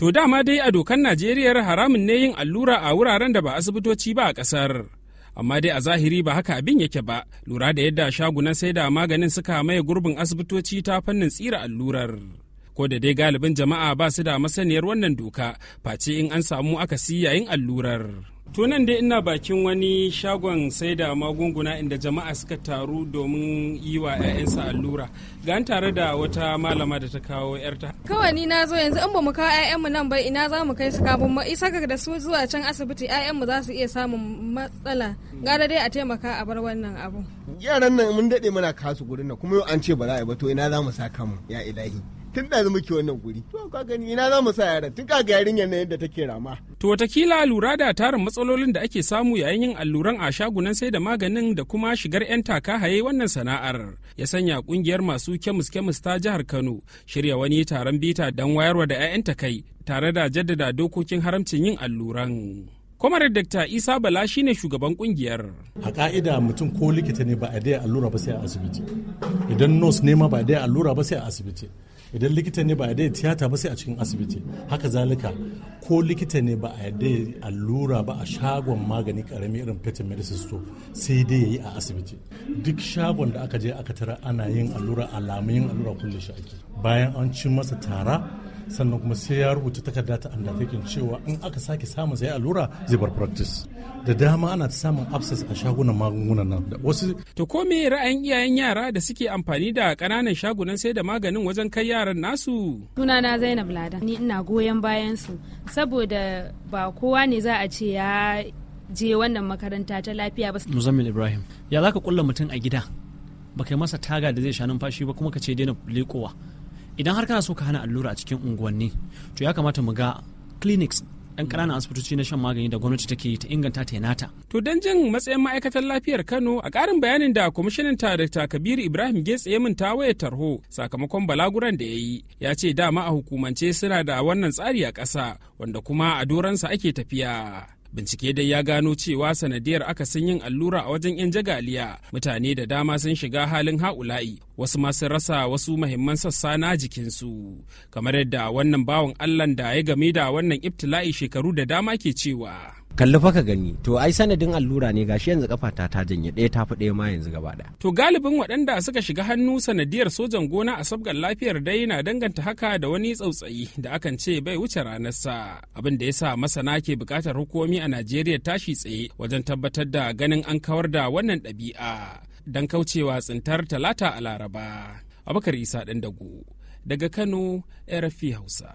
To dama dai a dokar Najeriya haramun ne yin allura a wuraren da ba asibitoci ba a ƙasar. Amma dai a zahiri ba haka abin yake ba, lura da yadda shagunan sai da maganin suka maye gurbin asibitoci ta fannin tsira allurar. Ko da dai galibin jama'a ba su da masaniyar wannan doka, face in an samu akasi yayin allurar. to nan dai ina bakin wani shagon sai da magunguna inda jama'a suka taru domin yi wa 'ya'yansa allura ga an tare da wata malama da ta kawo 'yarta kawai ni na zo yanzu in ba mu kawo 'ya'yanmu nan ba ina za mu kai su kafin ma isa da su zuwa can asibiti 'ya'yanmu za su iya samun matsala gara dai a taimaka a bar wannan abu yaran nan mun daɗe muna kasu gurin nan kuma yau an ce ba za a yi ba to ina za mu sa kamu ya ilahi tun da muke wannan guri to ka gani ina za mu sa yaran tun kaga yarinyar nan yadda take rama to watakila lura da tarin matsalolin da ake samu yayin yin alluran a shagunan sai da maganin da kuma shigar yan taka haye wannan sana'ar ya sanya kungiyar masu kemis kemis ta jihar Kano shirya wani taron bita dan wayarwa da ta kai tare da jaddada dokokin haramcin yin alluran. kwamarar dr isa bala shine shugaban kungiyar a ka'ida mutum ko likita ne ba a daya allura ba sai a asibiti idan nurse ne ma ba a daya allura ba sai a asibiti idan likita ne ba a yi tiyata ba sai a cikin asibiti haka zalika ko likita ne ba a da allura ba a shagon magani karami irin fetin medicine store sai dai yayi a asibiti duk shagon da aka je aka tara ana yin allura alamun yin allura kullum shi ake bayan an ci masa tara sannan kuma sai ya rubuta takarda ta undertaking cewa in aka sake samun sai allura zai bar practice da dama ana ta samun abscess a shagunan magungunan nan da wasu to ko me ra'ayin iyayen yara da suke amfani da kananan shagunan sai da maganin wajen kai yaran nasu na Zainab lada ni ina goyon bayan su saboda ba kowa ne za a ce ya je wannan makaranta ta lafiya ba Muzammil Ibrahim ya zaka kulla mutum a gida baka masa taga da zai sha numfashi ba kuma ka ce daina likowa. idan har kana so ka hana allura a cikin unguwanni to ya kamata mu ga clinics ɗan ƙananan asibitoci na shan magani da gwamnati take ta inganta ta nata. To don jin matsayin ma'aikatar lafiyar Kano a ƙarin bayanin da kwamishinan ta Dr. Kabiru Ibrahim Gates ya minta waya tarho sakamakon balaguran da ya yi ya ce dama a hukumance suna da wannan tsari a ƙasa wanda kuma a doransa ake tafiya. bincike dai ya gano cewa sanadiyar akasin yin allura a wajen 'yan jagaliya mutane da dama sun shiga halin ha'ula'i wasu ma sun rasa wasu mahimman sassa na jikinsu kamar yadda wannan bawan allah da ya game da wannan ibtila'i shekaru da dama ke cewa kalli fa ka gani to ai sanadin allura ne gashi yanzu kafa ta janye ɗaya tafi ɗaya ma yanzu gaba ɗaya to galibin waɗanda suka shiga hannu sanadiyar sojan gona a sabgar lafiyar dai na danganta haka da wani tsautsayi da akan ce bai wuce ranarsa abin da sa masana ke buƙatar hukumi a Najeriya tashi tsaye wajen tabbatar da ganin an kawar da wannan ɗabi'a don kaucewa tsintar talata a laraba abubakar isa ɗan dago daga kano rfi hausa